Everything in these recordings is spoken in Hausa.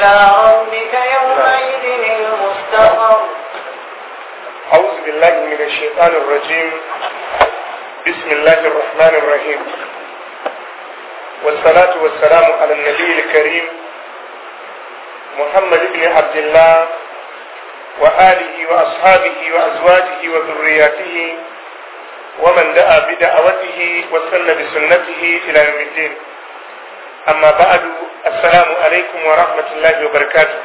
إلى ربك يومئذ المستقر أعوذ بالله من الشيطان الرجيم بسم الله الرحمن الرحيم والصلاة والسلام على النبي الكريم محمد بن عبد الله وآله وأصحابه وأزواجه وذرياته ومن دعا بدعوته وسن بسنته إلى يوم الدين أما بعد assalamu alaikum wa rahmatullahi wa barakatu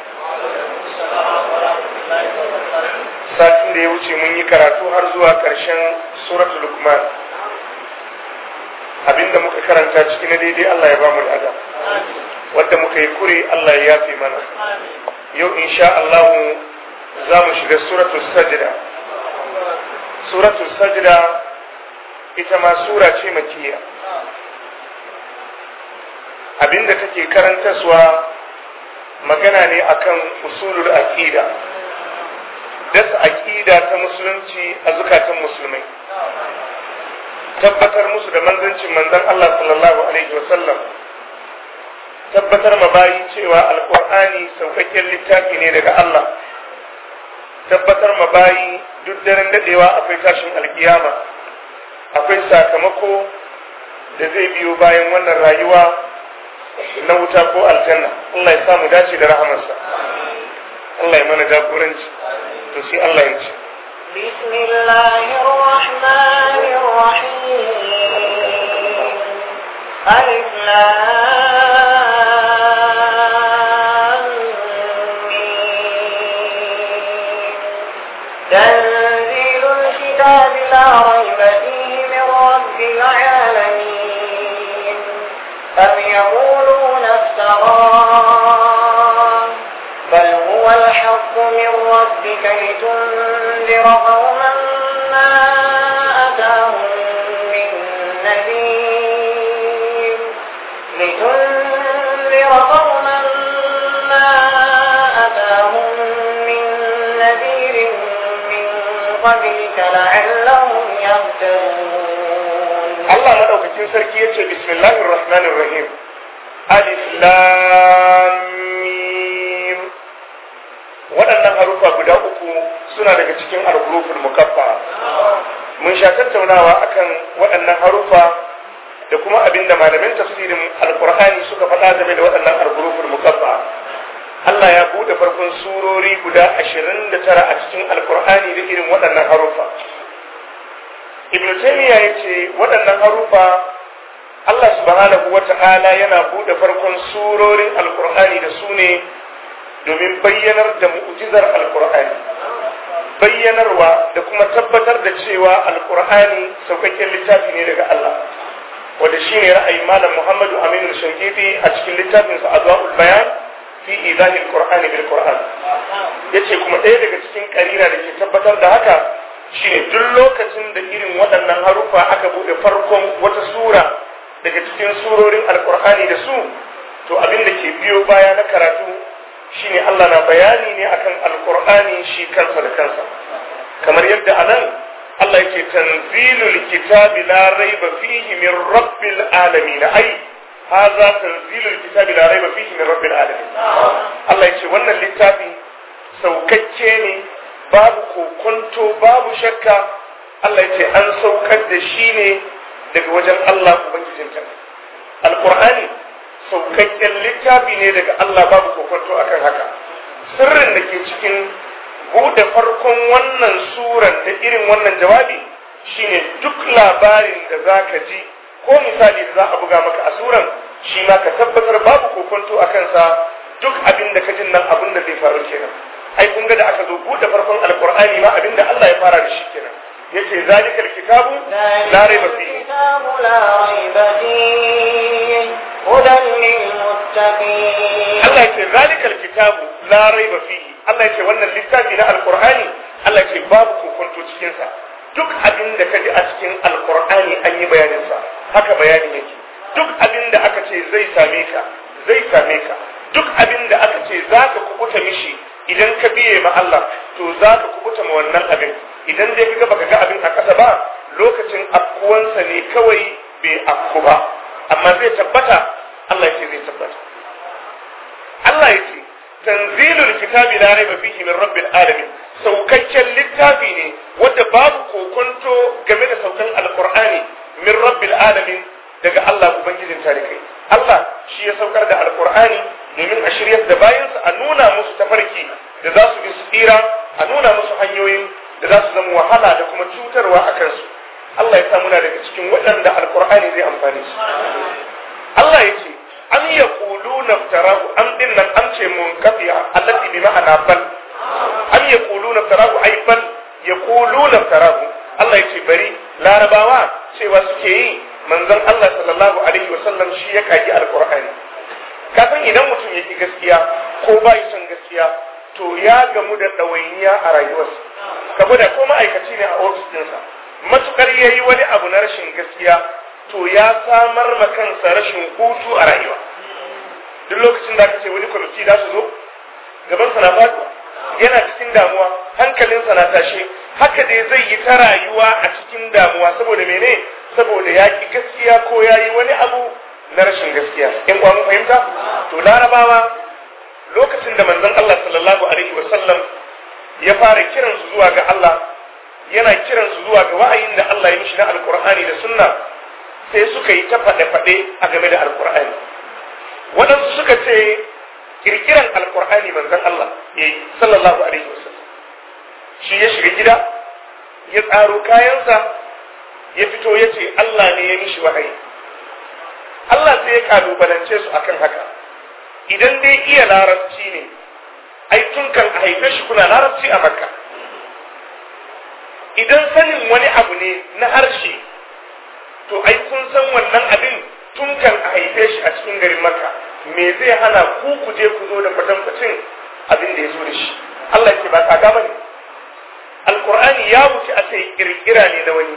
satin da ya wuce mun yi karatu har zuwa ƙarshen suratul lukman abinda muka karanta ciki na daidai Allah ya ba mu da wadda muka yi kure Allah ya yafe mana yau insha Allah za mu shiga suratul sajda suratul sajda ita ma sura ce makiyya abinda take karantaswa magana ne akan usulul aqida dasa aqida ta musulunci a zukatan musulmai tabbatar musu da manzancin manzon Allah sallallahu alaihi wasallam tabbatar ma bayi cewa alqur'ani saukakken littafi ne daga Allah tabbatar ma bayi duk daren dadewa akwai tashin alkiyama akwai sakamako da zai biyo bayan wannan rayuwa na wuta ko aljanna Allah ya samu dace da rahamarsa Allah ya mana jagoranci to sai Allah ya ce bismillahir rahmanir rahim alif lam tanzilul kitabi la كي تنذر قوما ما أتاهم من نذير لتنذر قوما ما أتاهم من نذير من قبلك لعلهم يهتدون الله مدوكتين سركية بسم الله الرحمن الرحيم ألف لام waɗannan harufa guda suna daga cikin al-huruful mukaffa mun sha tattaunawa akan waɗannan harufa da kuma abinda malamin tafsirin alkur'ani suka faɗa game da waɗannan alkurufin mukaffa Allah ya buɗe farkon surori guda ashirin da tara a cikin alkur'ani da irin waɗannan harufa ibn ya ce waɗannan harufa Allah subhanahu wa yana buɗe farkon surorin alkur'ani da su ne domin bayyanar da mu'jizar alkur'ani bayyanarwa da kuma tabbatar da cewa alkur'ani saukakken littafi ne daga Allah wanda shine ra'ayin malam Muhammadu Aminu Shankiti a cikin littafinsa Adwaul Bayan fi idahi alqur'ani bil qur'an yace kuma ɗaya daga cikin karira da ke tabbatar da haka shine duk lokacin da irin waɗannan harufa aka bude farkon wata sura daga cikin surorin alkur'ani da su to abin da ke biyo baya na karatu shine Allah na bayani ne akan alqur'ani shi kansa da kansa kamar yadda anan Allah yake tanzilul kitabi la raiba fihi min rabbil alamin ai hadha tanzilul kitabi la raiba fihi min rabbil alamin Allah yake wannan littafi saukakke ne babu kokonto babu shakka Allah yake an saukar da shi ne daga wajen Allah ubangijin al alqur'ani saukakken littafi ne daga Allah babu kokonto akan haka sirrin da ke cikin buɗe farkon wannan suran da irin wannan jawabi shine duk labarin da za ka ji ko misali da za a buga maka a suran shi ma ka tabbatar babu kokonto a kansa duk abin da ka jin nan abin da zai faru kenan ai kun ga da aka zo buɗe farkon alkur'ani ma abin da Allah ya fara da shi kenan yace zalikal kitabu la raiba fihi Allah الله يقول ذلك الكتاب لا ريب فيه Allah ce wannan littafi na alkur'ani Allah ce babu kokonto cikinsa duk abin da a cikin alkur'ani an yi bayaninsa haka bayanin yake duk abin da aka ce zai same ka zai same ka duk abin da aka ce za ka kukuta mishi idan ka biye ma Allah to za ka kukuta ma wannan abin idan dai ka baka ga abin a ƙasa ba lokacin afkuwansa ne kawai bai afku ba amma zai tabbata Allah ya ce zai tabbata Allah ya ce tanzilul kitabi la raiba fihi min rabbil alamin saukaccen littafi ne wanda babu kokonto game da saukan alqur'ani min rabbil alamin daga Allah ubangijin tarikai Allah shi ya saukar da alqur'ani domin a shiryar da bayansa a nuna musu tafarki da za su bi su tsira a nuna musu hanyoyin da za su zama wahala da kuma cutarwa a kansu Allah ya sa muna daga cikin waɗanda alqur'ani zai amfane su Allah ya ce kulu na tarahu an din nan an ce mun kafiya allati bi ma'ana bal kulu na tarahu ay bal na tarahu Allah ya ce bari larabawa cewa suke yi manzon Allah sallallahu alaihi sallam shi ya kaji alqur'ani kafin idan mutum yake gaskiya ko bai son gaskiya to ya gamu da ɗawainiya a rayuwarsa saboda ko ma'aikaci ne a ofis ɗinsa matukar yayi wani abu na rashin gaskiya to ya samar ma kansa rashin hutu a rayuwa duk lokacin da aka ce wani kwamiti za su zo gabansa na faɗuwa yana cikin damuwa hankalinsa na tashe haka dai zai yi ta rayuwa a cikin damuwa saboda mene saboda ya ki gaskiya ko ya yi wani abu na rashin gaskiya in kwamin fahimta to larabawa lokacin da manzon Allah sallallahu alaihi wa sallam ya fara kiransu zuwa ga Allah yana kiransu zuwa ga wa'ayin da Allah ya mishi na alkur'ani da sunna sai suka yi ta faɗe-faɗe a game da alkur'ani waɗansu suka ce kirkiran alkur'ani manzon Allah ya yi sallallahu alaihi sallam. shi ya shiga gida ya tsaro kayansa ya fito ya ce Allah ne ya mishi wahayi Allah sai ya kalubalance su akan haka idan dai iya larabci ne ai tun kan a haife shi kuna larabci a makka idan sanin wani abu ne na harshe to ai kun san wannan abin tun kan a haife shi a cikin garin maka me zai hana ku ku je ku zo da kwatankwacin abin da ya zo da shi Allah ke ba kaga bane alqur'ani ya wuce a sai kirkira ne na wani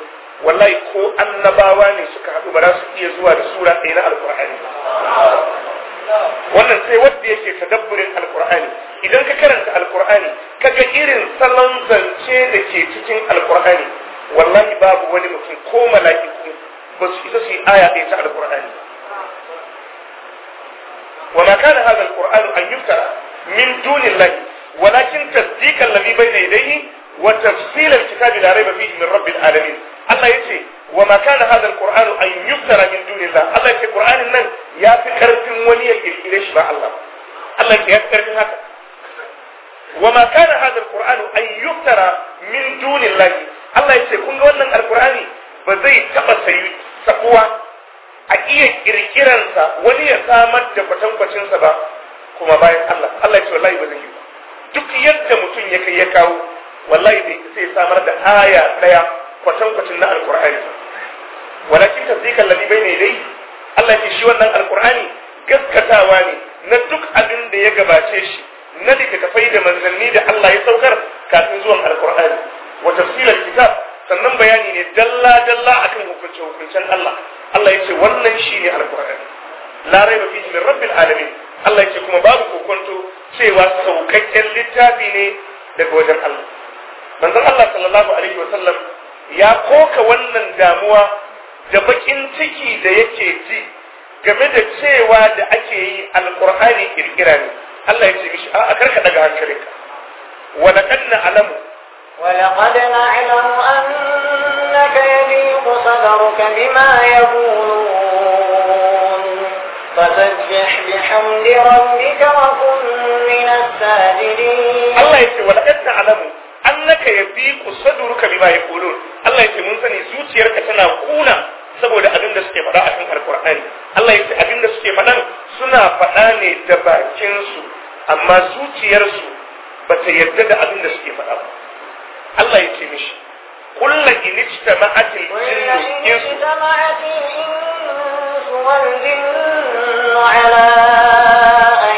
wallahi ko annabawa ne suka haɗu ba za su iya zuwa da sura ɗaya na alqur'ani wannan sai wanda yake tadabburin alqur'ani idan ka karanta alqur'ani kaga irin salon zance da ke cikin alqur'ani wallahi babu wani mutum ko mala'iku ba su isa su yi aya ɗaya ta alƙur'ani wa ma kana hadha alqur'an an yuftara min dunillahi walakin tasdiqa alladhi bayna yadayhi wa tafsil alkitab la rayba fihi min rabbil alamin Allah yace wa ma kana hadha alqur'an an yuftara min dunillah Allah yace qur'anin nan ya fi karfin wani ya kirkire shi ba Allah Allah ya fi karfin haka وما كان هذا القرآن أن يفترى من دون الله الله يقول لك ba zai بزي تبا taɓuwa a iya kirkiransa wani ya samar da kwatankwacinsa ba kuma bayan Allah Allah ya ce wallahi ba zai yi duk yadda mutum ya kai ya kawo wallahi ne sai samar da aya daya kwatankwacin na alkur'ani walakin tasdiqan ladhi ne dai? Allah ya ce shi wannan alkur'ani gaskatawa ne na duk abin da ya gabace shi na littattafai da manzanni da Allah ya saukar kafin zuwan alkur'ani wa tafsilal kitab sannan bayani ne dalla dalla akan hukunce hukuncen Allah Allah ya ce wannan shine alqur'ani la raiba fihi min rabbil alamin Allah ya ce kuma babu kokonto cewa saukakken littafi ne daga wajen Allah manzon Allah sallallahu alaihi wasallam ya koka wannan damuwa da bakin ciki da yake ji game da cewa da ake yi alqur'ani kirkira ne Allah ya ce mishi a karka daga hankalinka wa laqad na'lamu ولقد نعلم أنك يضيق صدرك بما يقولون فسجح بحمد ربك وكن من الساجدين الله يقول ولقد نعلم أنك yadiqu صدرك بما يقولون الله yace mun sani zuciyarka tana saboda abin da suke faɗa a cikin alkur'ani Allah yace abin da suke faɗan suna faɗa ne da bakin su amma zuciyar su bata yarda da abin da suke faɗa ba Allah ya ce mishi kullu inista والجن على أن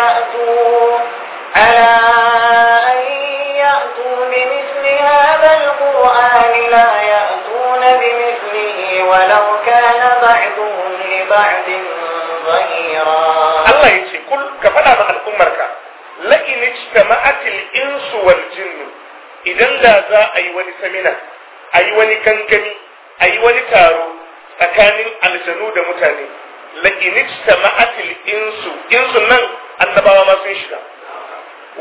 يأتوا على أن يأتوا بمثل هذا القرآن لا يأتون بمثله ولو كان ظهيرا الله لئن اجتمعت الإنس والجن idan da za a yi wani samina a yi wani gangami a yi wani taro tsakanin aljanu da mutane la'init sama'atil insu insu nan annabawa ma sun shiga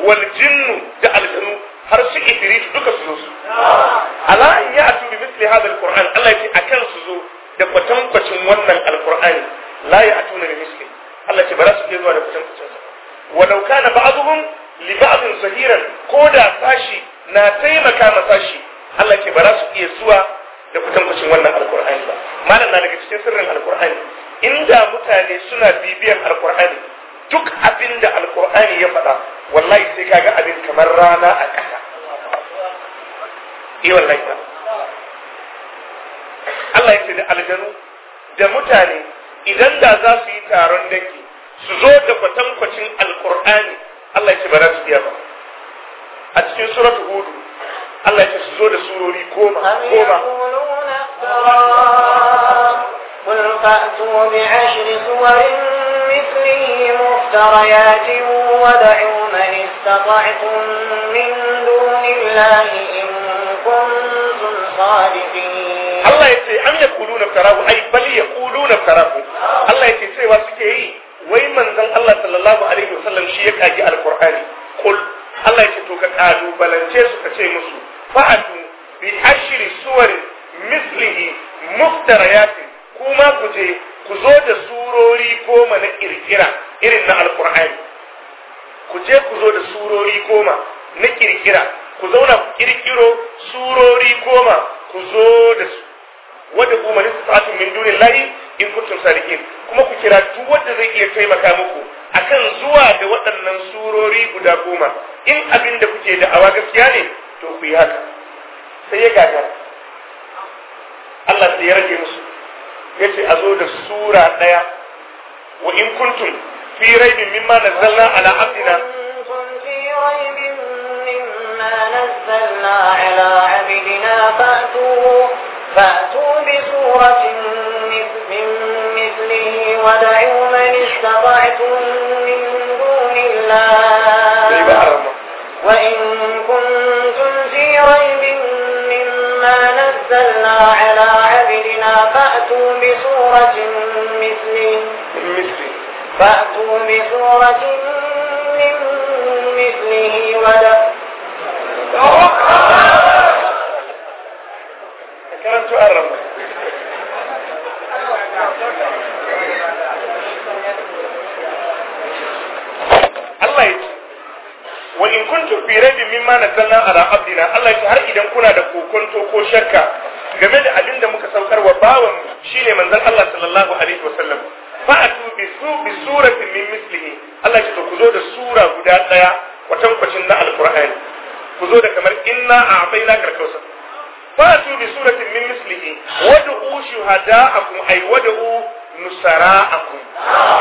wal jinnu da aljanu har su ibrit duka su zo su ala an ya'tu bi mithli hadha alquran Allah ya ce akan su zo da kwatankwacin wannan alqur'ani la ya'tuna bi misli. Allah ya ce ba za su ke zuwa da kwatankwacin sa walau kana ba'dhum li ba'dhin zahiran ko da sashi na taimaka masa shi Allah ke ba za su iya zuwa da kutankucin wannan alkur'ani ba malam na daga cikin sirrin alkur'ani inda mutane suna bibiyan alkur'ani duk abin da alkur'ani ya faɗa wallahi sai kaga abin kamar rana a ƙasa eh wallahi ba Allah ya ce da aljanu da mutane idan da za su yi taron dangi su zo da kwatankwacin alkur'ani Allah ya ce ba za su iya ba a cikin suratu hudu Allah ya su zo da surori goma goma قل فأتوا بعشر سور مثله مفتريات ودعوا من استطعتم من دون الله إن كنتم صادقين الله يتي أم يقولون افتراه أي بل يقولون افتراه الله يتي سيوا سكي وي منزل الله صلى الله عليه وسلم شيك أجي القرآن قل Allah ya ce to ka kalubalance su ka ce musu fa'atu bi ashri suwar mislihi muftariyatin kuma ku je ku zo da surori goma na kirkira irin na alqur'ani ku je ku zo da surori goma na kirkira ku zauna ku kirkiro surori goma ku zo da su wadda kuma ni sa'atun min dunillahi in kuntum sadiqin kuma ku kira duk wanda zai iya taimaka muku akan zuwa da waɗannan surori guda goma in abin da kuke da awa gaskiya ne to ku yi haka sai ya gaga Allah sai ya rage musu ya a zo da sura ɗaya wa in kuntum fi raibin mimma nazzalna ala abdina فأتوا بسورة من مثله ودعوا من استطعتم النار وإن كنتم في ريب مما نزلنا على عبدنا فأتوا بسورة مثله فأتوا بسورة مثله ودف كرمت أرم wa in kuntum fi raibin mimma nazzalna ala abdina Allah ya har idan kuna da kokonto ko shakka game da abin da muka saukar wa bawan shine manzon Allah sallallahu alaihi wasallam fa'atu bi su bi surati min mislihi Allah ya ku zo da sura guda daya watan kwacin na alqur'ani ku zo da kamar inna a'tayna karkausa fa'atu bi surati min mislihi wad'u shuhada'akum ay wad'u nusara'akum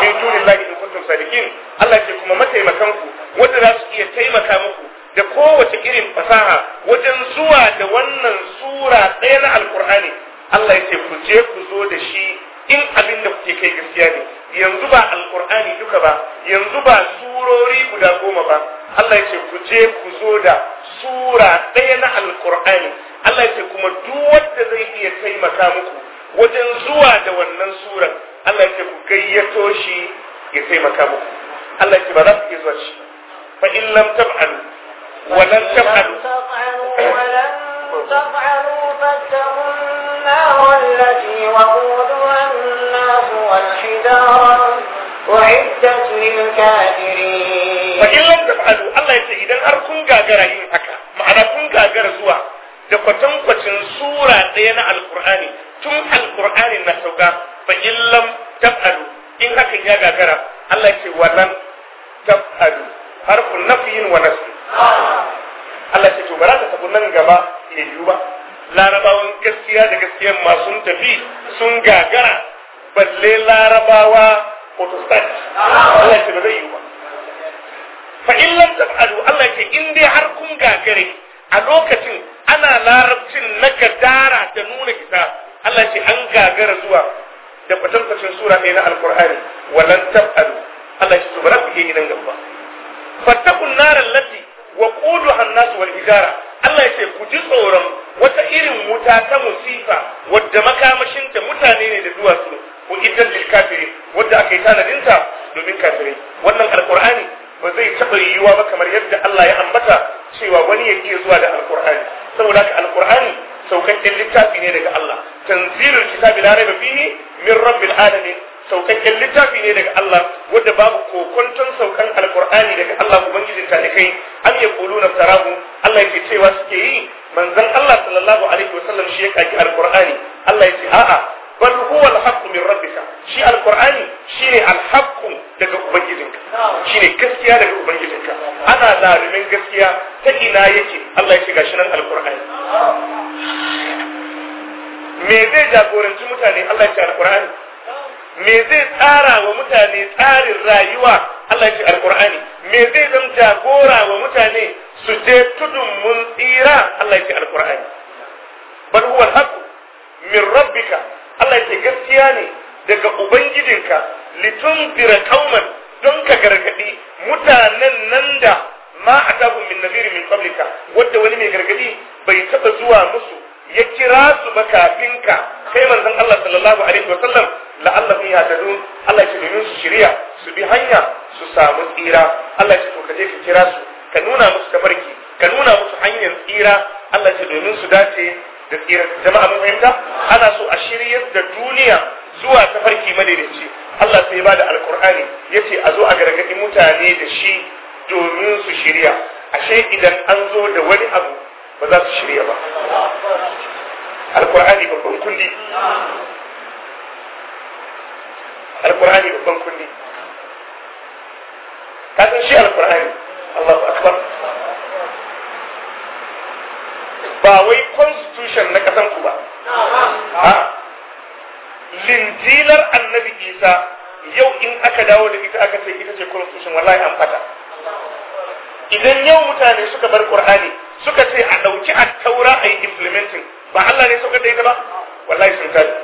min dunillahi kuntum salihin Allah ce kuma mataimakan ku wanda za su iya taimaka muku da kowace irin fasaha wajen zuwa da wannan sura ɗaya na alkur'ani Allah ya ce ku je ku zo da shi in abin da kuke kai gaskiya ne yanzu ba alkur'ani duka ba yanzu ba surori guda goma ba Allah ya ce ku je ku zo da sura ɗaya na alkur'ani Allah ya ce kuma duk wanda zai iya taimaka muku wajen zuwa da wannan surar Allah ya ce ku gayyato shi ya taimaka muku Allah ki ba za ku iya zuwa ci fa in lam tab'alu wa lan tab'alu wa lan tab'alu fattaqun النار التي وقودها الناس والحجارة أعدت للكافرين فإن لم تفعلوا الله يسعي da kwatankwacin sura ɗaya na alkur'ani tun alkur'ani na sauka fa illam tab'alu in hakan ya gagara Allah ce wannan tabadu harfun nafiyin wa nasu Allah ce to ba za ta tafi nan gaba ya yiwu ba larabawan gaskiya da gaskiya masu tafi sun gagara balle larabawa protestant Allah ce ba zai yiwu ba fa in tabadu Allah ce in dai har kun gagare a lokacin ana larabcin na gadara da nuna kita Allah ce an gagara zuwa da kwatankwacin sura ɗaya na alkur'ani walan tab'alu Allah ya ba za ku yi nan gaba fattakun naran lati wa ƙudu hannasu wal hijara Allah ya ce ku ji tsoron wata irin wuta ta musifa wadda makamashinta mutane ne da duwatsu ko idan lil kafirin wadda aka yi tanadinta domin kafirai wannan alkur'ani ba zai taɓa yiwuwa ba kamar yadda Allah ya ambata cewa wani ya ke zuwa da alkur'ani saboda haka alkur'ani saukakken littafi ne daga Allah tanzilul kitabi la raiba fihi min rabbil alamin saukakken littafi ne daga Allah wanda babu kokonton saukan alqur'ani daga Allah ubangijin talikai an yaquluna tarahu Allah yake cewa suke yi manzon Allah sallallahu alaihi wasallam shi ya kaki alqur'ani Allah yake a'a bal huwa al min rabbika shi al-qur'ani shine al-haqq daga ubangijinka shine gaskiya daga ubangijinka ana zalumin gaskiya ta ina yake Allah ya ce gashi nan al me zai jagoranci mutane Allah ya ce al me zai tsara wa mutane tsarin rayuwa Allah ya ce alkur'ani me zai zama jagora wa mutane su je tudun mun tsira Allah ce alkur'ani bal huwa alhaq min rabbika Allah ce gaskiya ne daga ubangijinka dira kauman don ka gargadi mutanen nan da ma tafi min nadhir min wanda wani mai gargadi bai taɓa zuwa musu ya kira su ka. kai manzon Allah sallallahu alaihi wasallam la'allahum yahtadun Allah ya domin su shirya su bi hanya su samu tsira Allah ya to je ka kira su ka nuna musu tabarki ka nuna musu hanyar tsira Allah ya domin su dace da tsira jama'a mun fahimta ana so a shiryar da duniya zuwa tafarki madaidaici Allah sai ba da alkur'ani ya ce a zo a gargaɗi mutane da shi domin su shirya ashe idan an zo da wani abu ba za su shirya ba alkur'ani babban kulli alkur'ani babban kulli kasan shi alkur'ani Allahu akbar ba wai constitution na kasan ku ba lintilar annabi isa yau in aka dawo da ita aka ce ita ce constitution wallahi an fata idan yau mutane suka bar qur'ani suka ce a dauki taura a yi implementing ba Allah ne saukar da ita ba wallahi sun tafi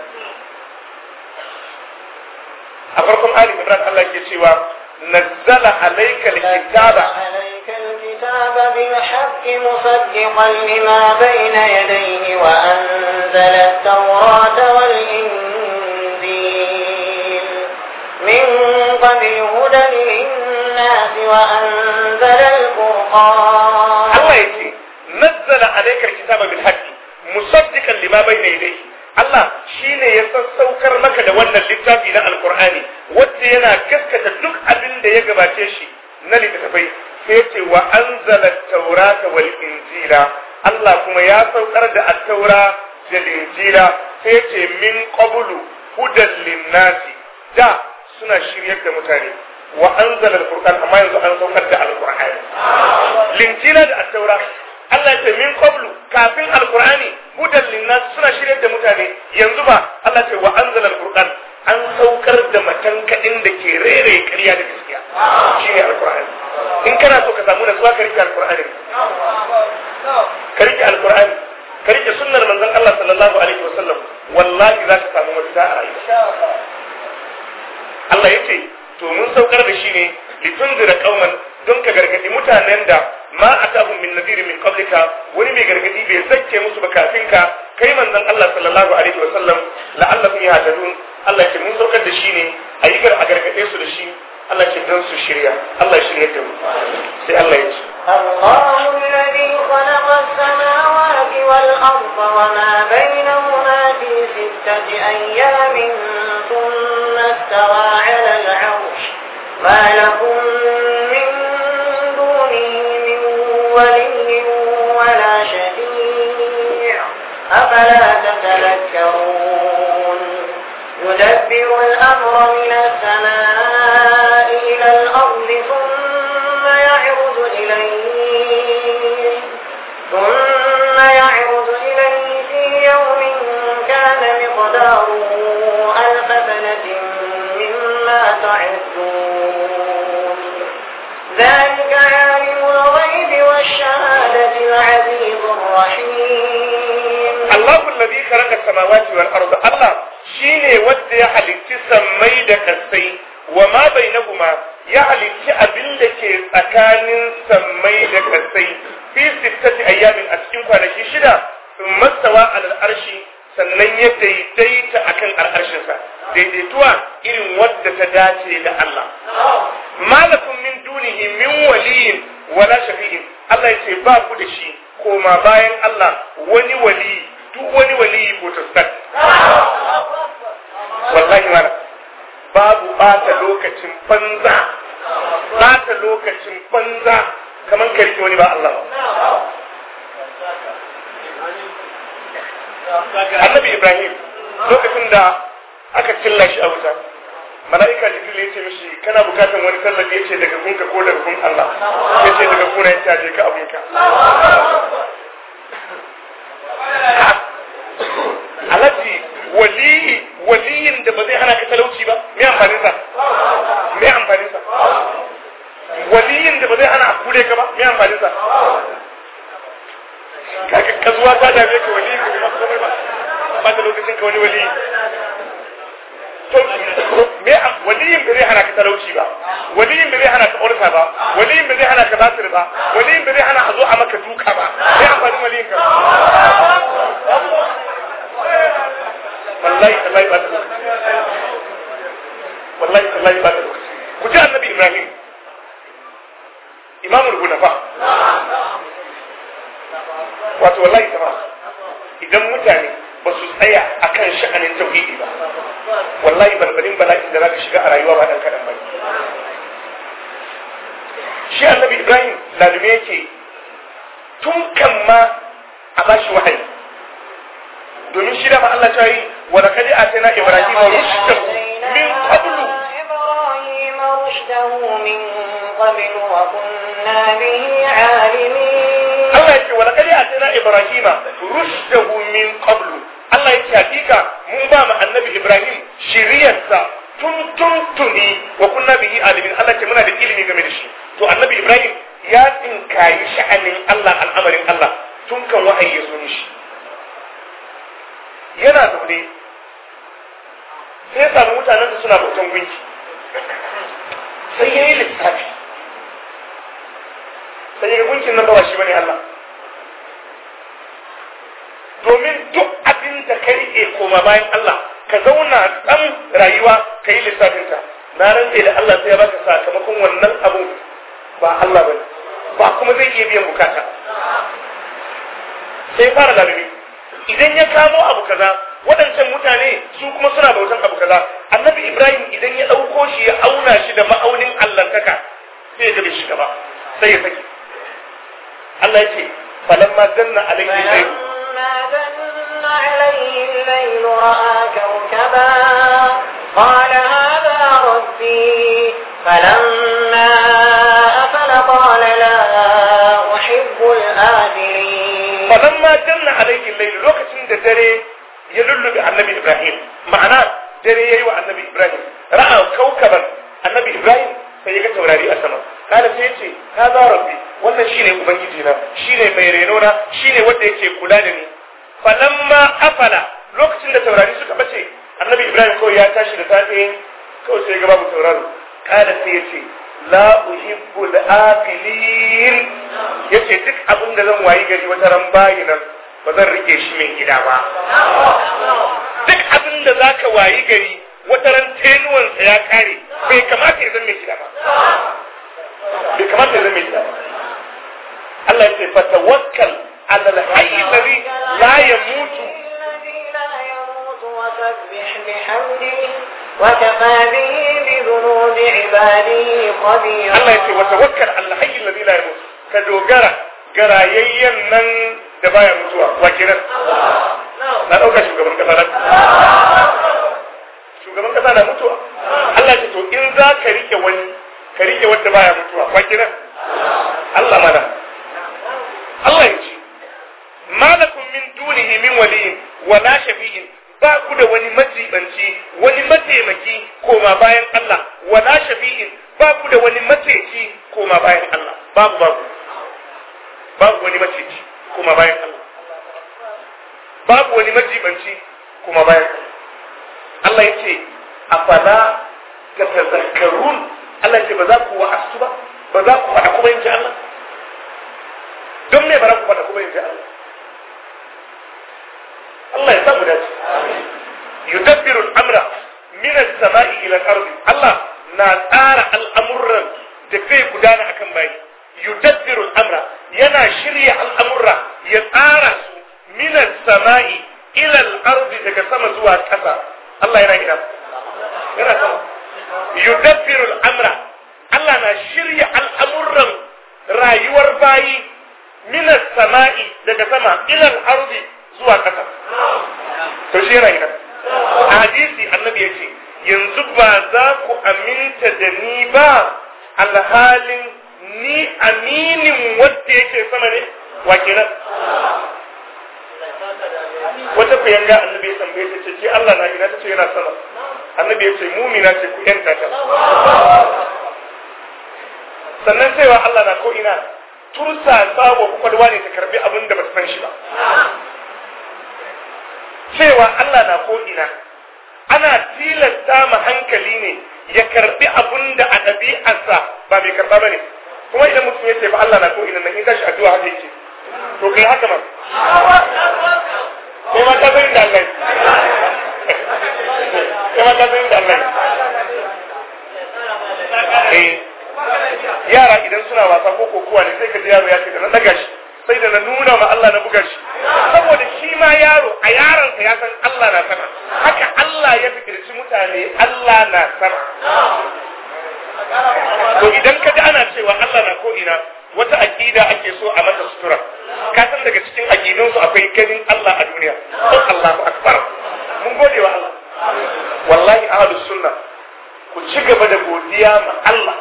a farkon ali ibrahim Allah ke cewa نزل عليك الكتاب عليك الكتاب بالحق مصدقا لما بين يديه وأنزل التوراة والإنزيل من قبل هدى للناس وأنزل القرآن الله يتي نزل عليك الكتاب بالحق مصدقا لما بين يديه Allah shi ne ya sassaukar maka da wannan littafi na alkur'ani wacce yana gaskata duk abin da ya gabace shi na littattafai sai ce wa anzala taurata wal injila Allah kuma ya saukar da at-taura da injila sai ce min qablu hudan linnasi da suna shiryar da mutane wa anzala al-qur'an amma yanzu an saukar da al-qur'ani linjila da at-taura Allah ce min qablu kafin alqur'ani hudan linnas suna shiryar da mutane yanzu ba Allah ce wa anzala alqur'an an saukar da matankadin da ke rere kariya da gaskiya shine alqur'ani in kana so ka samu nasuwa ka rike alqur'ani ka rike alqur'ani ka rike sunnar manzon Allah sallallahu alaihi wasallam wallahi za ka samu mafita a rayuwa Allah yace to mun saukar da shi ne litunzira qauman don ka gargadi mutanen da ma atahum min nadhir min qablika wani mai gargadi bai zakke musu ba kafin ka kai manzon Allah sallallahu alaihi wa sallam la'allahum yahtadun Allah ce mun saukar da shi ne a yi gar a gargade su da shi Allah ce don su shirya Allah shirya da mu sai Allah ya ce الله الذي خلق السماوات والأرض وما بينهما في ستة أيام ثم استوى على العرش ما لكم khalaqa samawati wal arda Allah shine wanda ya halitti sammai da kasai wa ma bainahuma ya halitti abin da ke tsakanin sammai da kasai fi sittati ayyamin a cikin kwanaki shida thumma stawa ala al-arshi sannan ya daidaita akan sa, daidaituwa irin wadda ta dace da Allah malakum min dunihi min waliyin wala shafi'in Allah ya ce ba ku da shi koma bayan Allah wani wali duk wani wali motar sat wallahi mana babu bata lokacin banza bata lokacin banza kamar ka rike wani ba Allah annabi Ibrahim lokacin da aka killa shi a wuta mala'ika jibril ya ce mishi kana bukatan wani tallafi ya ce daga kunka ko daga kun Allah ya ce daga kuna ya ce ka abinka waliyi waliyin da ba zai hana ka talauci ba me amfanin sa me amfanin sa waliyin da ba zai hana a kure ka ba me amfanin sa kaga kazuwa ta dame ka waliyi ka ba komai ba ba da lokacin ka wani waliyi to me waliyin ba zai hana ka talauci ba waliyin ba zai hana ka ƙorta ba waliyin ba zai hana ka basir ba waliyin ba zai hana a zo a maka duka ba me amfanin waliyin ka wallahi tallahi ba ta wallahi tallahi ba ta ku ji annabi ibrahim imamul hunafa wato wallahi tama idan mutane ba su tsaya a kan sha'anin tauhidi ba wallahi barbarin bala'in da za ka shiga a rayuwa ba dan kadan ba shi annabi ibrahim lalume yake tun kan ma a bashi wahayi domin shi da ma Allah ta yi ولقد آتينا إبراهيم رشده من قبل إبراهيم رشده من قبل وكنا به عالمين الله يقول ولقد آتينا إبراهيم رشده من قبل الله يقول مبام النبي إبراهيم شريعة tun tun tuni wa kunna bihi alimin Allah ce muna da ilimi game da shi to annabi Ibrahim ya tsinkayi sha'anin Allah al'amarin Allah tun kan wa'ayi ya zo mishi yana zaune sai sami mutanensa suna bautan gunki sai ya yi lissafi sai ya gunkin nan ba shi bane Allah domin duk abin da ka rike koma bayan Allah ka zauna dan rayuwa ka yi lissafinta na rantse da Allah sai ya baka sakamakon wannan abun ba Allah bane ba kuma zai iya biyan bukata sai fara lalabi idan ya kamo abu kaza waɗancan mutane su kuma suna bautan abu kaza annabi ibrahim idan ya ɗauko shi ya auna shi da ma'aunin allantaka sai ya gabe shi gaba sai ya saki Allah ya ce falamma zanna alaihi sai عليه الليل رأى كوكبا قال هذا ربي فلما ma janna alaihi laili lokacin da dare ya lullube annabi Ibrahim ma'ana dare ya yi wa annabi Ibrahim ra'a kaukaban annabi Ibrahim sai ya ga taurari a sama kada sai yace ka za rabbi wannan shine ubangiji na shine mai reno na shine wanda yake kula da ni falamma afala lokacin da taurari suka bace annabi Ibrahim kawai ya tashi da safe kawai sai ga babu tauraro kada sai la uhibbu al-aqilin yace duk abin da zan wayi gari wata ran bayi nan ba zan rike shi mai gida ba duk abin da zaka wayi gari wata ran tenuwan sa ya kare bai kamata ya zan mai gida ba bai kamata ya zan mai gida ba Allah ya ce fa tawakkal ala al-hayy alladhi la yamutu وكفى به بذنوب عباده خبيرا الله يتي وتوكل على الحي الذي لا يموت قرا قرايا من دبايا متوى وكرا الله نعم. لا أوكا شو قبل كفارة شو قبل كفارة متوى الله يتي إن ذا كريك وني كريك ودبايا متوى وكرا الله مانا الله يتي ما لكم من دونه من ولي ولا شفيع ba ku da wani majibanci wani mataimaki koma bayan Allah wala shafi'in ba ku da wani mataici koma bayan Allah babu babu babu wani mataici koma bayan Allah babu wani majibanci koma bayan Allah Allah yace afala ka tazakkarun Allah yace ba za ku wa'astu ba ba za ku faɗa kuma in ji Allah don me ba za ku faɗa kuma in ji Allah Allah ya sa mu dace yudabbiru al-amra min as-sama'i ila al-ard Allah na tsara al'amuran da zai gudana akan bayi yudabbiru al-amra yana shirya al'amura ya tsara su min as-sama'i ila al-ard daga sama zuwa ƙasa Allah yana ina yana sama yudabbiru al-amra Allah na shirya al'amuran rayuwar bayi min samai daga sama ila arzi zuwa ƙasa ina a hadisi annabi ya ce yanzu ba za ku aminta da ni ba alhalin ni aminin wadda yake sama ne wa kenan wata ku yanga annabi ya tambaye ta ce ki Allah na ina ce yana sama annabi ya ce mumina ce ku yanta ta sannan cewa Allah na ko ina tursa tsawo kwakwalwa ne ta karbi abin da ba ta san shi ba cewa Allah na ko'ina ana tilasta ma hankali ne ya karɓi abun da a ɗabi'arsa ba mai karɓa ba ne kuma idan mutum ya ce ba Allah na ko'ina nan in tashi addu'a haka yake to kai haka ma kai ma ka san da Allah kai ma ka san inda Allah eh, yara idan suna wasa ko kokowa ne sai ka ji yaro ya ce da na daga shi sai da na nuna ma Allah na buga shi saboda shi ma yaro a yaronsa ya san Allah na sama haka Allah ya fikirci mutane Allah na sama to idan ka ji ana cewa Allah na ko'ina wata aƙida ake so a mata sutura ka san daga cikin aƙidunsu akwai ganin Allah a duniya don Allah akbar mun gode wa Allah wallahi ahlus sunna ku ci gaba da godiya ma Allah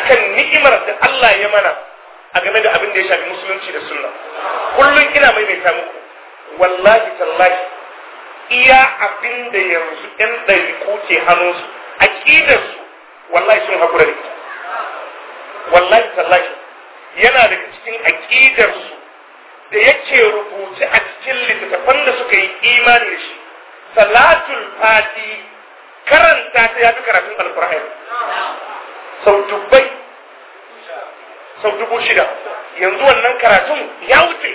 akan ni'imar da Allah ya mana a game da abin da ya shafi musulunci da sunna kullum ina maimaita muku wallahi tallahi iya abin da yanzu ɗan ɗariƙo ke hannunsu ƙidarsu wallahi sun haƙura da wallahi tallahi yana daga cikin aƙidarsu da yake rubuce a cikin littattafan da suka yi imani da shi salatul fati karanta ta ya fi karatun alkur'ani sau dubbai sau dubu shida yanzu wannan karatun ya wuce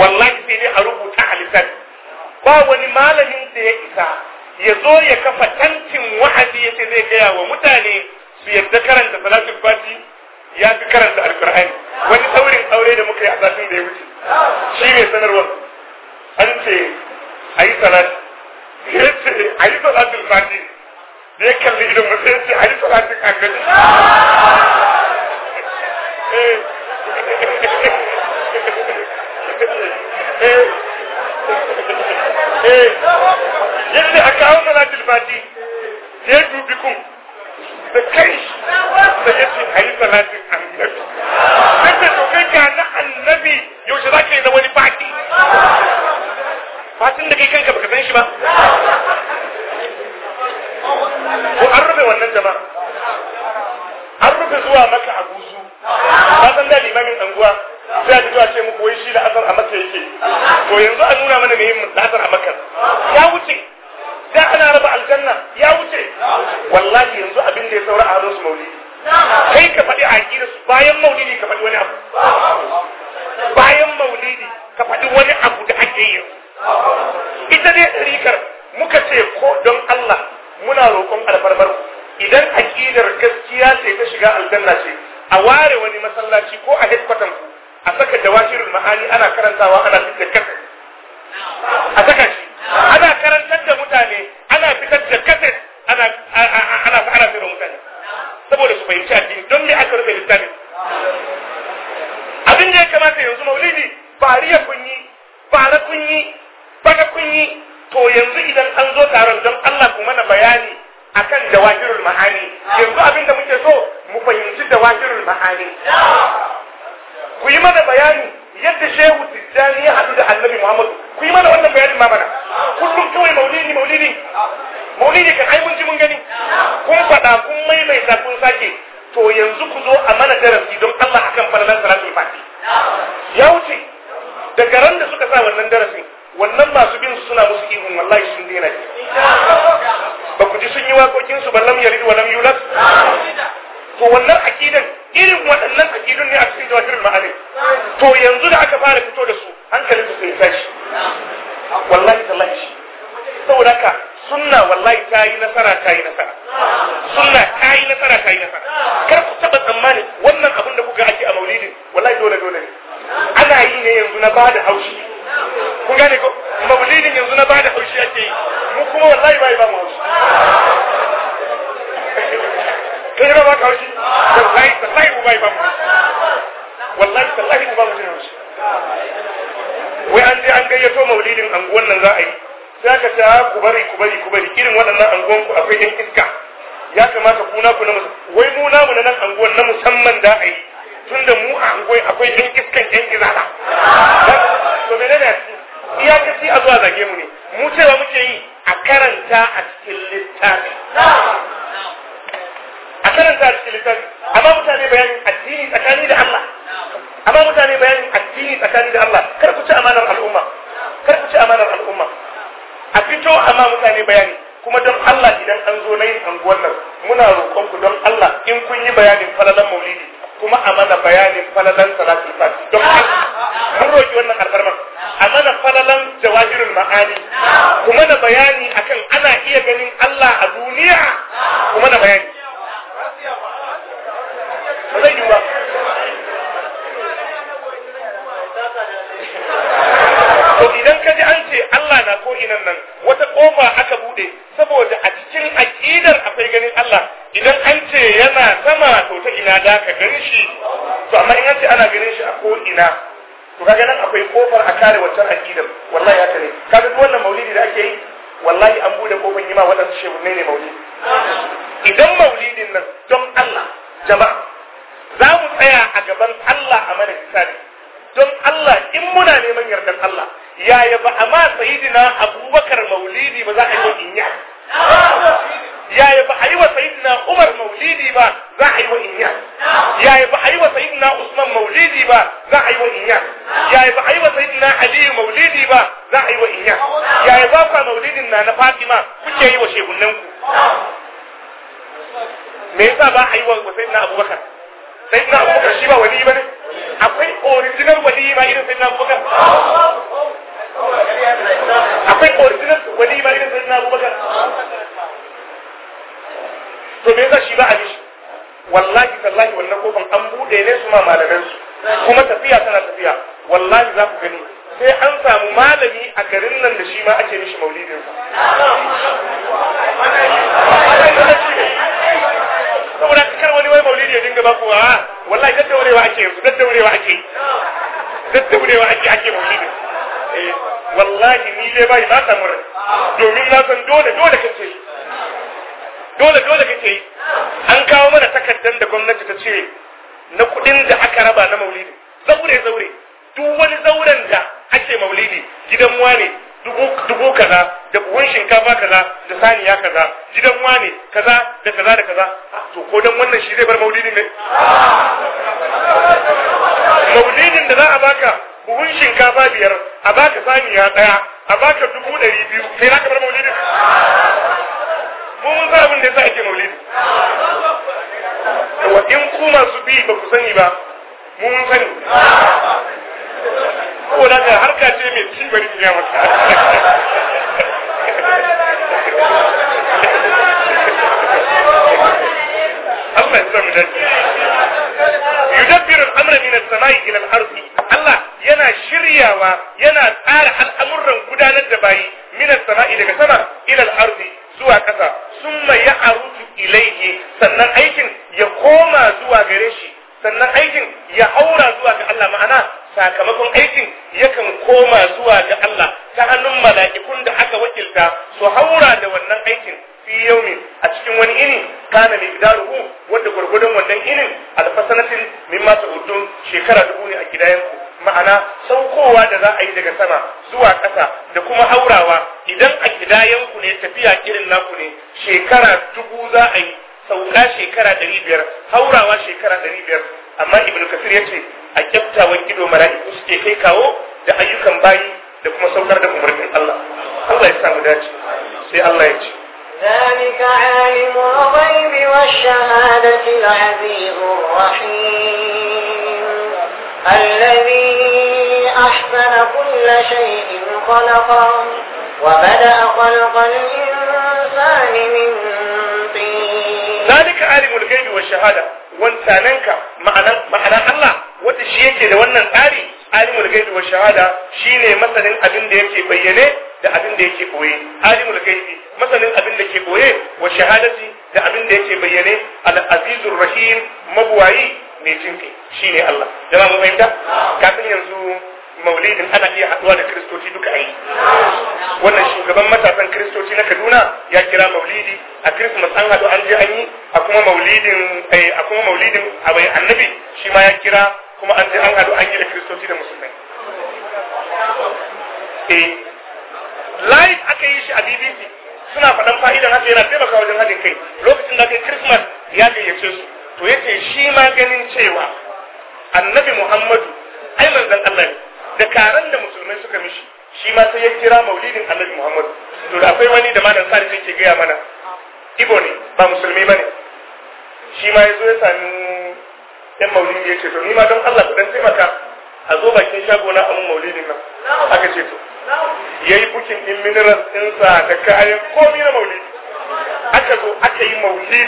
wallahi sai dai a rubuta a lissafi ba wani malamin da ya isa ya zo ya kafa tantin wa'azi ya ce zai gaya wa mutane su yadda karanta salatul fati ya fi karanta alkur'ani wani saurin aure da muka yi a satin da ya wuce shi ne sanarwar an ce a yi salat ya ce a yi salatul fati da ya kalli idan mutum ya ce a yi salatin annabi yadda a kawo salatul fati ya dubi kun da kai da ya ce a yi salatin annabi sai da dokai ka na annabi yaushe za ka yi da wani fati fatin da kai kanka baka san shi ba ko an rufe wannan jama'a an rufe zuwa maka a guzu ka san da limamin anguwa sai a fito ce muku wai shi da asar a makka yake to yanzu a nuna mana muhimmin da asar a makka ya wuce da ana raba aljanna ya wuce wallahi yanzu abin da ya saura a hannun su maulidi kai ka faɗi a aƙida su bayan maulidi ka faɗi wani abu bayan maulidi ka faɗi wani abu da ake yi ita ne ɗarikar muka ce ko don Allah muna roƙon alfarmar idan aƙidar gaskiya ce ta shiga aljanna ce a ware wani masallaci ko a headquarters a saka jawahirul ma'ani ana karantawa ana fitar da kasa a saka shi ana karantar da mutane ana fitar da kasa ana ana ana fitar da mutane saboda su fahimci addini don me aka rufe littafin abin da ya kamata yanzu maulidi ba riya kun yi ba na kun yi ba kun yi to yanzu idan an zo taron don Allah ku mana bayani akan jawahirul ma'ani yanzu abin da muke so mu fahimci dawakirul ma'ani ku yi mana bayani yadda shehu tijjani ya haɗu da annabi muhammadu ku yi mana wannan bayanin ma mana kullum kawai maulidi maulidi maulidi kan ai mun ji mun gani kun faɗa kun maimaita kun sake to yanzu ku zo a mana darasi don Allah akan falalan salatul fati ya wuce daga ran da suka sa wannan darasin wannan masu bin su suna musu ihun wallahi sun daina ba ku ji sun yi waƙoƙinsu ba lam yalid wa lam yulad to wannan akidan irin waɗannan akidun ne a cikin jawahirin ma'anin to yanzu da aka fara fito da su hankalin su sai tashi wallahi tallahi shi saboda ka sunna wallahi ta yi nasara ta yi nasara sunna ta yi nasara ta yi nasara kar ku taɓa tsammani wannan abin da kuka ake a maulidin wallahi dole dole ne ana yi ne yanzu na bada haushi kun gane ko maulidin yanzu na bada haushi ake yi mu kuma wallahi bai ba mu haushi kai ba ka haushi wallahi tallahi mu bai ba mu wallahi tallahi mu ba mu jin haushi wai an je an gayyato maulidin anguwan nan za a yi sai aka ce ah, ku bari ku bari ku bari irin waɗannan anguwan ku akwai ɗan iska ya kamata ku na ku na wai mu na mu na nan anguwan na musamman da a yi tunda mu a anguwan akwai yan iskan yan gizala to menene a ka iyakaci a zuwa zage mu ne mu cewa muke yi a karanta a cikin littafi karanta a cikin littafi amma mutane bayanin addini tsakani da Allah amma mutane bayanin addini tsakani da Allah kar ku ci amanar al'umma kar ku ci amanar al'umma a fito amma mutane bayani kuma don Allah idan an zo na yin anguwan nan muna roƙon ku don Allah in kun yi bayanin falalan maulidi kuma a mana bayanin falalan salatul fati don mun roƙi wannan alfarman a mana falalan jawahirul ma'ani kuma na bayani akan ana iya ganin Allah a duniya kuma na bayani ba to idan ka ji an ce Allah na ko inan nan wata kofa aka buɗe saboda a cikin aqidar akwai ganin Allah idan an ce yana sama to ta ina ka to amma ce ana ganin shi a ko ina to kaga nan akwai a kare wancan wallahi haka ne kaga duk wannan maulidi da ake yi wallahi an bude kofar yi ma waɗansu shehu ne maulidi idan maulidin nan don Allah jama'a za mu tsaya a gaban Allah a mana hisabi don Allah in muna neman yardan Allah yaya ba a ma sayidina abubakar maulidi ba za a yi in yi yaya ba a yi wa sayidina umar maulidi ba za a yi wa in yaya ba a yi wa sayidina usman maulidi ba za a yi wa in yaya ba a yi wa sayidina aliyu maulidi ba za a yi wa in yaya ba ku maulidin na na fatima kuke yi wa shehunanku me yasa ba a yi wa sayyidina abubakar sayyidina abubakar shi ba wali bane akwai original wali ma irin sayyidina abubakar akwai original wali ba irin sayyidina abubakar to me yasa shi ba a yi shi wallahi tallahi wannan kofan an bude ne su ma malaman kuma tafiya tana tafiya wallahi za ku gani sai an samu malami a garin nan da shi ma ake mishi maulidin saboda kar wani wai maulidi ya dinga baku a wallahi daddaurewa ake yanzu daddaurewa ake daddaurewa ake ake maulidin eh, wallahi ni dai bai ba samu domin na san dole dole kace dole dole kace an kawo mana takardar da gwamnati ta ce na kudin da aka raba na maulidi zaure zaure duk wani zauren da ake maulidi gidan wane dubu kaza da buhun shinkafa kaza da saniya kaza gidan wane kaza da kaza da kaza to ko dan wannan shi zai bar maulidi ne maulidin da za a baka buhun shinkafa biyar a baka saniya daya a baka dubu ɗari biyu sai za ka bar maulidi? mun san abin da yasa ake maulidi wa in ku masu bi ba ku sani ba mu mun sani ko da harka ce mai ci bari maka Allah ya samu yudabbiru al-amra min as-sama'i ila al-ardi Allah yana shiryawa yana tsara al'amuran gudanar da bayi min as-sama'i daga sama ila al-ardi zuwa kasa summa ya'rudu ilayhi sannan aikin ya koma zuwa gare shi sannan aikin ya haura zuwa ga Allah ma'ana sakamakon aikin yakan koma zuwa ga Allah ta hannun mala'ikun da aka wakilta su haura da wannan aikin fi yaumi a cikin wani ini kana mai idaruhu wanda gwargwadon wannan inin alfasanatin mimma ta'udun shekara dubu ne a gidayenku ma'ana saukowa da za a yi daga sama zuwa ƙasa da kuma haurawa idan a gidayenku ne tafiya irin naku ne shekara dubu za a yi sauka shekara ɗari biyar haurawa shekara ɗari biyar amma ibn kasir ya ce a kyaftawan mara mala'iku suke kai kawo da ayyukan bayi da kuma saukar da umarnin Allah Allah ya samu dace sai Allah ya ce ذلك عالم الغيب والشهادة العزيز الرحيم الذي أحسن كل شيء خلقه وبدأ خلق الإنسان من طين ذلك عالم الغيب والشهادة وانسانك معنى, معنى الله wata shi yake da wannan tsari alimul gaibi wa shahada shine masanin abin da yake bayyane da abin da yake koye alimul gaibi masanin abin da ke koye wa shahadati da abin da yake bayyane al azizur rahim mabuwayi mai jinkai shine Allah jama'a mun fahimta kafin yanzu maulidin ana iya haduwa da kristoci duka ai wannan shugaban matasan kristoci na kaduna ya kira maulidi a christmas an haɗu an je an yi a kuma maulidin eh, a kuma maulidin annabi shi ma ya kira kuma an je an haɗu an yi kiristoci da musulmai eh live aka yi shi a bbc suna faɗan fa'idan haka yana taimaka wajen haɗin kai lokacin da aka yi christmas ya gayyace su to yace shi ma ganin cewa annabi muhammadu ai manzon allah ne da karen da musulmai suka mishi shi ma sai ya kira maulidin annabi muhammadu to da akwai wani da malam sari ke gaya mana ibo ne ba musulmi ba ne shi ma ya zo ya sami yan maulidi ya ce to ni ma don Allah ku dan taimaka a zo bakin shago na amin maulidin nan aka ce to yayi bukin din minerals sa da kayan komai na maulidi aka zo aka yi maulidi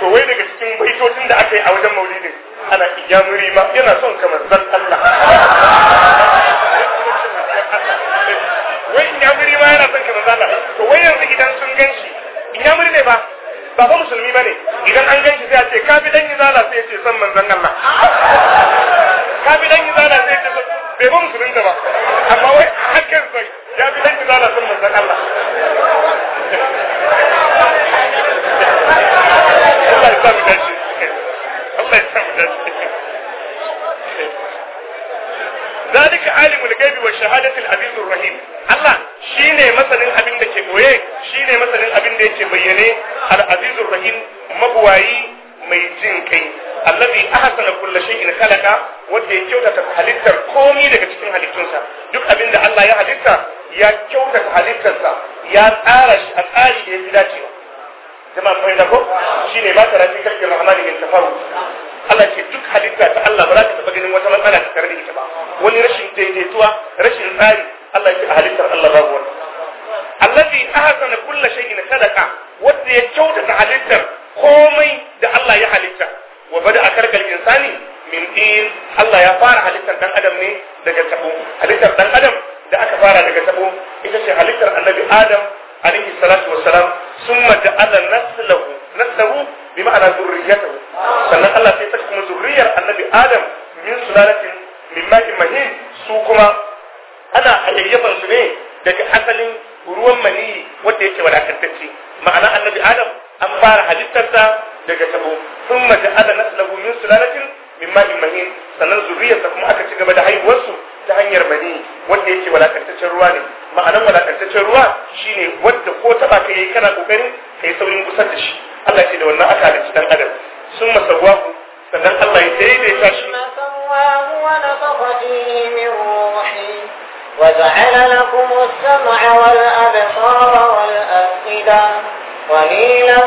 to wai daga cikin baitocin da aka yi a wajen maulidin ana muri ma yana son kamar zan Allah wai muri ma yana son kamar zan Allah to wai yanzu idan sun ganshi muri ne ba ba ba musulmi bane idan an ganshi sai a ce ka bi dan izala sai ce san manzon Allah ka bi dan izala sai ce bai ba musulmin ba amma wai hakkin sai ya bi dan yi izala san manzon Allah Allah ya sa dace Allah ya sa dace zalika alimul ghaibi wa shahadatul azizur rahim Allah shine masanin abin da ke goye shine masanin abin da yake bayyane al azizur rahim mabuwayi mai jin kai allazi ahsana kulli shay'in khalaqa wanda ya kyautata halittar komai daga cikin halittunsa duk abin da Allah ya halitta ya kyautata halittarsa ya tsara shi a tsari da ya fi dacewa jama'a fahimta ko shine ba ta rafi kalkin rahmanin tafaru Allah ce duk halitta ta Allah ba za ka taɓa ganin wata matsala ta tare da ita ba wani rashin daidaituwa rashin tsari Allah ce a halittar Allah babu wannan allazi ahsana kulli shay'in khalaqa wanda ya kyautata halittar komai da Allah ya halitta wa bada akarkal insani min din Allah ya fara halittar dan adam ne daga tabo halittar dan adam da aka fara daga tabo ita ce halittar annabi Adam alaihi salatu wassalam summa ja'ala naslahu nasabu bi ma'ana zurriyatahu sannan Allah sai saka kuma zurriyar annabi Adam min sulalatin min ma'in mahin su kuma ana hayayyafar su ne daga asalin ruwan maniyi wanda yake wadatacce ma'ana annabi Adam an fara halittarta daga tabo sun mace ala nasabu min sulalatin min ma'in mahin sannan zurriyarsa kuma aka ci gaba da haihuwarsu ta hanyar mani wanda yake walakantaccen ruwa ne ma'anan walakantaccen ruwa shine wanda ko taba ka yi kana kokarin kai saurin gusar da shi Allah ce da wannan aka halicci dan adam sun masawahu sannan Allah ya daidaita shi وجعل لكم السمع والأبصار والأفئدة قليلا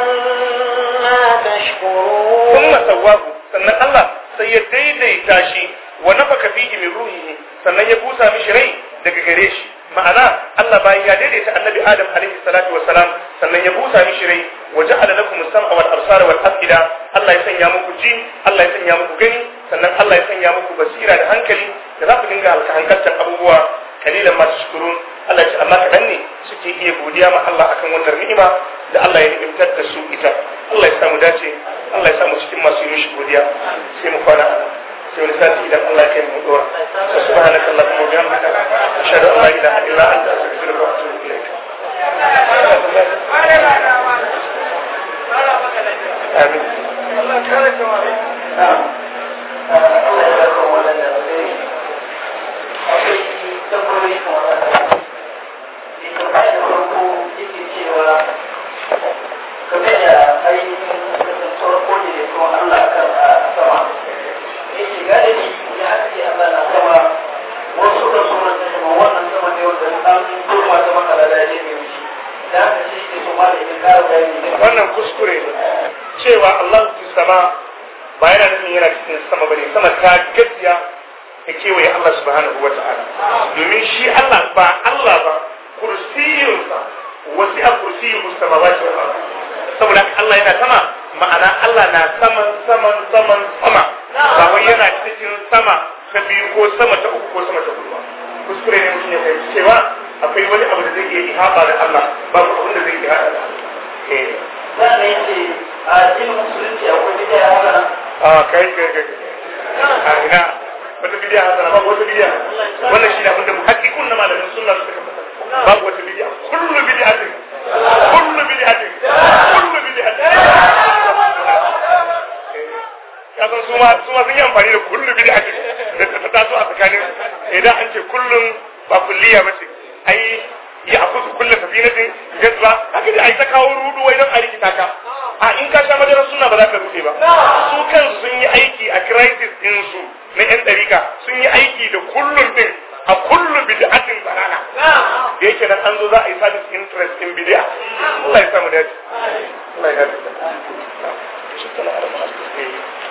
ما تشكرون ثم سواه سنة الله سيدي ديتاشي ونفك فيه من روحه سنة يبوسى مشري دقى قريشي ma'ana Allah bayan ya daidaita annabi Adam alaihi salatu sannan ya busa mishi rai waje ala lakum sam'a wal absar wal afida Allah ya sanya muku ji Allah ya sanya muku gani sannan Allah ya sanya muku basira da hankali da za ku dinga hankaltar abubuwa kalilan masu shukurun Allah ce amma kaɗan ne suke iya godiya ma Allah akan wannan ni'ima da Allah ya ni'imtar da su ita Allah ya samu dace Allah ya samu cikin masu yi godiya sai mu kwana a sai sati idan Allah ya mu dora wa subhanaka allahumma bihamdika ashhadu an la ilaha illa anta astaghfiruka wa atubu da Allah ya Allah na sama wasu wannan sama ne wuce da ma wannan kuskure cewa Allah fi sama ba yana nufin yana cikin sama bane sama ta gajiya ta kewaye Allah subhanahu wa ta'ala domin shi Allah ba Allah ba wasi a kursiyin samawati wal saboda Allah yana sama ma'ana Allah na saman saman saman sama ba wai yana cikin sama ta biyu ko sama ta uku ko sama ta hudu ba kuskure ne mutum ya fahimci cewa akwai wani abu da zai iya ihaba da Allah babu abin da zai iya ihaba da Allah sannan eh. ce a cikin musulunci akwai bidiyar hasana a kai kai kai a ina wata bidiyar hasana ba wata bidiyar wannan shi ne abin da muhakkikun na malamin sunna suka faɗa ba wata bidiyar kullu bidiyar kullu bidiyar kullu bidiyar kasan su ma su ma sun yi amfani da kullu bid'a da ta taso a tsakanin idan an ce kullun ba kulliya ba ce ai ya akusu kullu safinatin ba haka dai ai ta kawo rudu wai don a rikita ka a in ka sha madara suna ba za ka rufe ba su kan sun yi aiki a crisis din su na yan ɗarika sun yi aiki da kullun din a kullu bid'atin barana da yake nan an zo za a yi service interest in bid'a Allah ya samu dace Allah ya dace